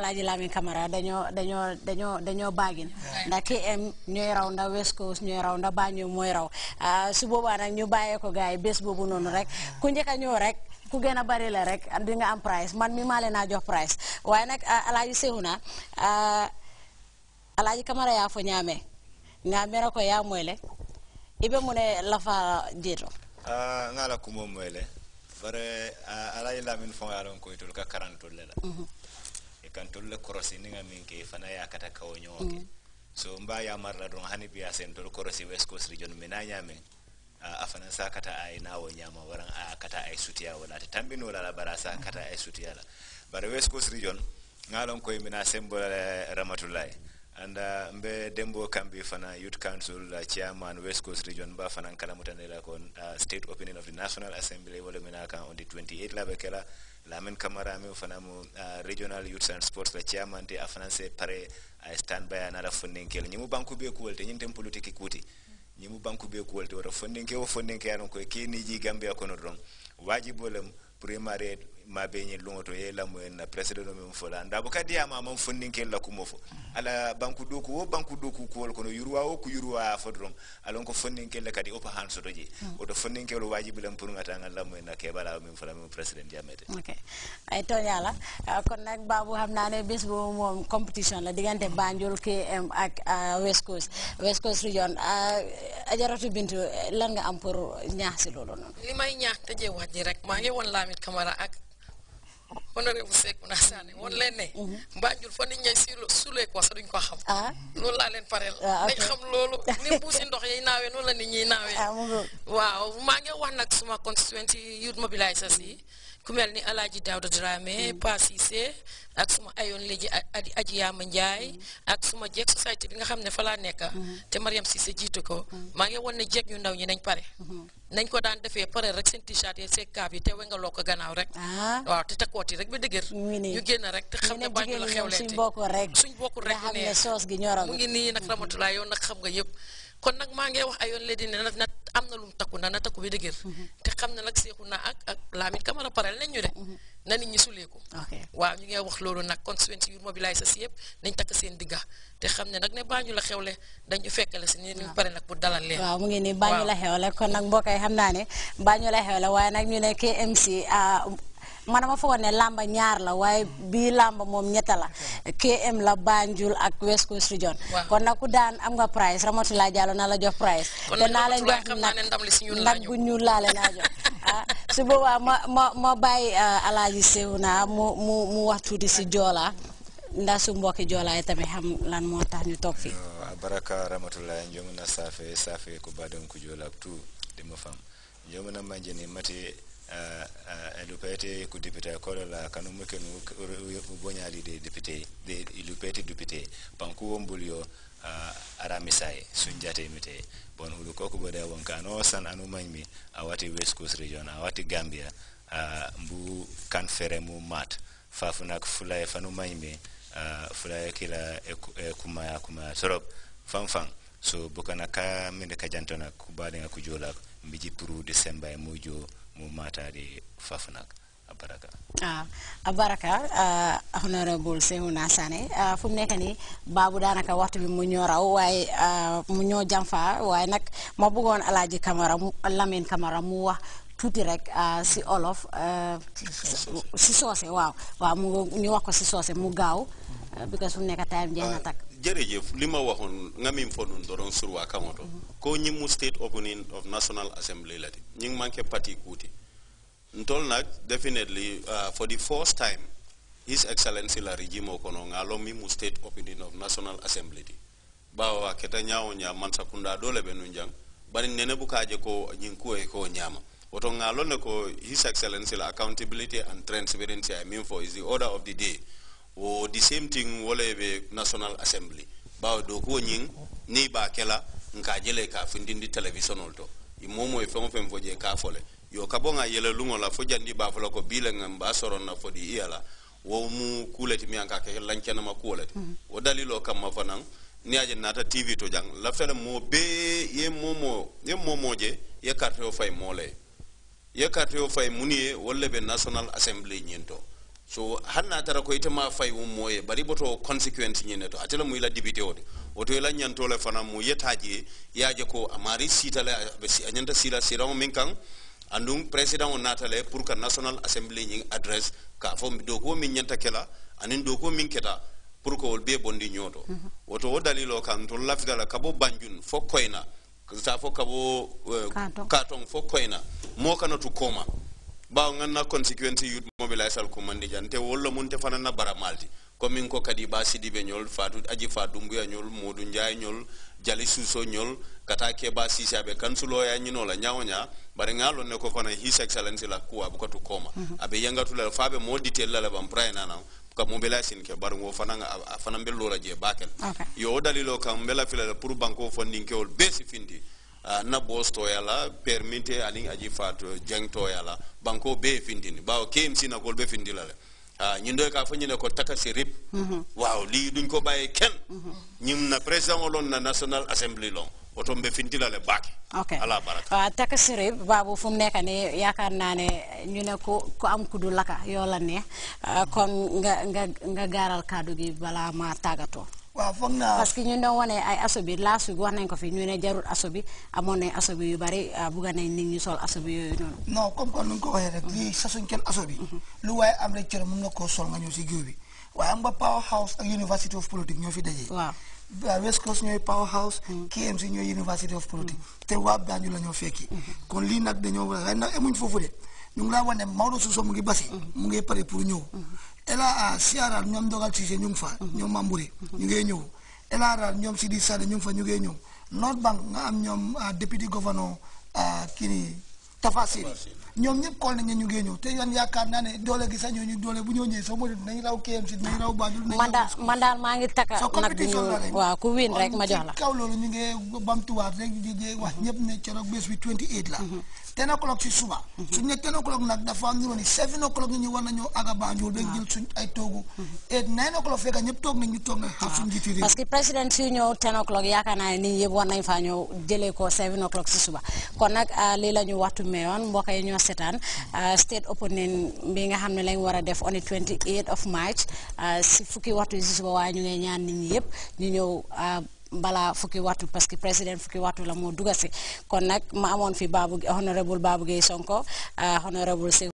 Alaaji Lamin Camara dañoo dañoo dañoo dañoo baagin ndax KM ñooy raw nda West Coast ñooy raw nda Banjul mooy raw ah, su boobaa nag ñu bàyyee ko gars yi bés boobu noonu rek ku njëkk a ñëw rek ku gën a bari la rek di nga am price man mi maa leen jox price waaye nag ah, Alaaji Sehuna ah, Alaaji Camara yaa fo ñaamee ñaamera ko yaa moyle mu ne lafa jeeto nga la kumo moyle bare Alaaji Lamin fo yaa lon ka karantol le la mhm. ikantolu le korosi niŋa miŋ ke fana ye a kata kawo ñoŋo mm. ke so n be a yamarila doroŋ hani bi a sentolu korosi west coast region miŋ naa ñaameŋ a fana sa kata a ye naawo ñaama waraŋ a kata a ye sutiya wo la ate tambinoo la la bari a sa kata a ye sutiya la bari west coast region ŋa loŋ koye mina sembo ramatulaye and uh, mbe dembo kambi fana youth council uh, chairman west coast region ba fana kala mutanela kon uh, state opinion of the national assembly mena ka on the 28 la bekela la men kamara mi fana mu uh, regional youth and sports la chairman te afanse pare i uh, stand by another funding kel nyimu banku be ko wolte nyinte politique kuti nyimu banku be ko wolte wora funding ke wo funding ke anon ko ke ni ji gambia kono don wajibolem primary mabe ñin luŋoto ye la muyen na presidono meŋ fo la nda bo kadi yama amaŋ fonninkel la kumo fo ala banku doku wo banku doku kuwol kono yuruwa wo ku yuruwa fo doroŋ alon ko fonninkel le kadi wo pa han soto je hmm. woto fonninkelo wajibi len pour ŋata ŋan la muyen na kebala meŋ fola meŋ president jamete ok ay toña uh, la kon nag babu xam naa ne moom compétition la diggante Banjul KM ak uh, West Coast West Coast Region uh, ajaratu Bintu lan nga am pour ñaax si loolu honorable Seck mun a saane woon leen ne mhm. Banjul fa nit ñay sulee ko sax duñ ko xam ah. loolu laa leen pareel ah, nañ xam loolu ni buusi ndox yi naawee noonu la nit ñi naawee ah, waaw maa ngi wax nag suma constituency youth mobilisers yi ku mel ni Alaaji Daawda Dramé mm. Pa Cissé ak suma ayoon léegi aji yaama Njaay mm. ak suma jeeg société bi nga xam ne fa laa nekk mm-hmm. te Mariam Cissé jiitu ko mm-hmm. maa ngi won ne jeeg ñu ndaw ñi nañ pare mm-hmm. nañ ko daan defee pare rek seen t-shirt yi seen kaab yi te wengaloo ko gannaaw rek ah. waaw te takkooti rek ba dëgër ñu génn rek te xam ne bañu la xewleeti suñ bokkul rek suñ bokkul rek ne soos gi ñoragul mu ngi nii nag ramatulaa yow nag xam nga yëpp kon nag maa ngi wax ayoon léegi ne nag am na lum takku na na takku bi dëgër mhm. te xam na nag seexu naa ak ak Lamin Camara parel nañ ñu de mhm. na nit ñi suleeku waaw ñu ngi wax loolu nag constituency yu mobilise si yëpp nañ takk seen digga te xam ne nag ne baañu la xewle dañu fekkale si ni ñu pare nag pour dalal leen waaw mu ngi nii baañu la xewle kon nag mbokk yi xam naa ne baañu la xewle waaye nag ñu ne KMC ah, man dama foogoon ne làmba ñaar la waaye bii làmba moom ñetta la KM la Banjul ak West Coast Region kon nag daan am nga prize Ramatulaay Jallow na la jox prize te naa leen jox nag bu ñuul laa jox ah su ma ma ma bàyyi euh, Alaaji Sewna mu mu wax tuuti si Joola ndax su mbokki joolaay tamit xam lan moo tax ñu toog fii euh, baraka Ramatulaay na saafe saafe ko baadam ko joolaak tout di ma fam njoomu na manjani mati Uh, uh, lupete ku député kolo la kanu mu kenu uboñali de député de lupete député pankuwo mbul yo uh, aramisay misay sunjate mite bon hulu koku bode wonkano san anu mañmi awati west coast region awati gambia mbu kan fere mu mat fafunak fulay fanu mañmi fulay kila e kumaya kumaya torop fan fan so bokana ka mende ka jantana ku badenga ku jolak mbiji puru december e mu jo mu matari fafunak abaraka ah abaraka uh, ah, honorable sehuna sane uh, ah, fu mu nekk nii baabu daanaka waxtu bi mu ñoo raw waaye ah, mu ñoo jamfa waaye nag ma bëggoon alaaji kamara mu lamin kamara mu wax tuuti rek si olof si soose waaw waaw mu ñu wax ko si soose mu gaaw because fu mu nekk time jeex jërëjëf li ma waxoon nga miin fo nun doron surwa kaŋo to mhm. ko ñi mu state opening of national assembly lati ti ngi manke parti kuuti ntol nak definitely uh, for the first time his excellency la regime kono nga lo mi mu state opening of national assembly ti bawo a keta ñaawo ñaa sa kunda do le njang bari nene bu kaaje ko ñi kuwo ye ko ñaama woto nga loo ne ko his excellency la accountability and transparency i mean for is the order of the day wo the same thing wala be national assembly bawo do ko nyin ni ba kela nka jele ka fundindi television olto momo e fengo fengo je ka fole yo ka bonga yele lungo la fo jandi ba fola ko bile ngam ba soron na fodi iyala wo mu kuleti mi anka ke lancena ma kuleti mm -hmm. wo dalilo kam ma fanan ni aje nata tv to jang fere mo be ye momo ye momo je ye carte yo fay mole ye carte yo fay munie wolle be national assembly nyinto so hanna tara ko itama fay ummo moye bari boto consequence ni to atela mu ila wodi o de la ila le fana mu yetaji yaaje ko amari sitale a ñanta sila sira mo minkan andung president on natale pour que national assembly ni address ka fo ko min nyanta kela anin ko min keta pour que wol be bondi nyoto mm -hmm. woto o kan to ka kabo banjun fo koyna sa fo kabo uh, katon fo koyna mo kana tu koma bawo na conséquence youth mobilize al mandi jan te wolla munte fana na bara malti comme ko kadi ba sidibe ñol fatu aji ya ñol modu njaay ñol jali suso ñol kata ke ba sisabe kansulo ya ñino la ñawoña bare ngalo ne ko fana his excellence la kuwa bu katu koma mm -hmm. abe yangatu la fabe mo detail la ban pray na ka mobilize ke bare ngo fana fana mbello la je bakel yo dalilo kam mbela fila pour banko fonding ke ol besi findi uh, na boss toyala permite alin aji fato jeng eh, toyala banko be findini bawo KMC na golbe findila le ah ñun doy ka fa ñu ne ko taka si rip mhm. waaw lii duñ ko bàyyee kenn mhm. ñun na président olon na national assembly long oto mbe fintila le baake ok ala baraka ah, taka si rip baabu fu mu nekk ni yaakaar naa ne ñu ne ku am kudu laka yoo la ne ah, kon nga nga nga gaaral kàddu gi balaa ma tàggatoo waaw foog naa parce que ñu doon wane ay aso bi last week wax nañ ko fi ñu ne jarul aso bi amoon nañ aso bi yu bari ah, bugga nañ nit ñu sol aso bi yooyu noonu. non comme comme ni nga ko waxee rek. lii sasuñ kenn aso bi. Mhm. lu waaye am rek cër koo sol nga ñëw si géew bi waaye am ñoo fi daje. waaw West Coast ñooy power house. Mhm. KMC ñooy University of Politics. Mhm. te waa Banjul la ñoo fekki. kon lii nag dañoo waaye nag emuñ foofu de ñu ngi laa wane Maodo Suso mu ngi basi. mu ngi pare pour ñëw. ela a ah, siaral ñoom dogal Cissé ñu ngi fa mhm. ñoom Mamburi mhm. ñu ngee ñëw elaaraal ah, ñoom si di sade ñu ngi fa ñu ngee ñëw North Bank nga am ñoom ah, député gouverneur kii nii Tafa Siri ñoom ñëpp kol nañ ñu ngee té te yan yaakaar naa ne doole gi sax ñooñu doole bu ñoo ñëwee soo dit nañ raw ci nañ raw baajul nañ daal man ma maa ngi taka nag ñu waaw ku win rek ma jox la kaw loolu ñu bam bamtuwaat rek di wax ñëpp ci rok bés bi 28 la mhm. ten o'clock si suba mhm. suñ ne ten o'clock nag dafa am ñu ni 7 o'clock ñu war nañu aga Banjul rek jël suñ ay toogu mhm. et 9 o'clock fekka ñëpp toog nañ ñu toog nañ suñ jiiti réew parce que président si ñëw ten o'clock yaakaar naa ne nit yëpp war nañ faa ñëw jëlee ko 7 o'clock si suba kon nak ah, lii lañu ñu waxtu mbokay ñu seetaan uh, state opening bi nga xam ne lañ war a def on the 28 of March uh, si fukki waxtu si suba waaye ñu ñaan nit ñi ñu ñëw uh, bala fukki waxtu parce que président fukki waxtu la moo dugasi kon nag ma amoon fi Babou honorable Babou Gueye Sonko honorable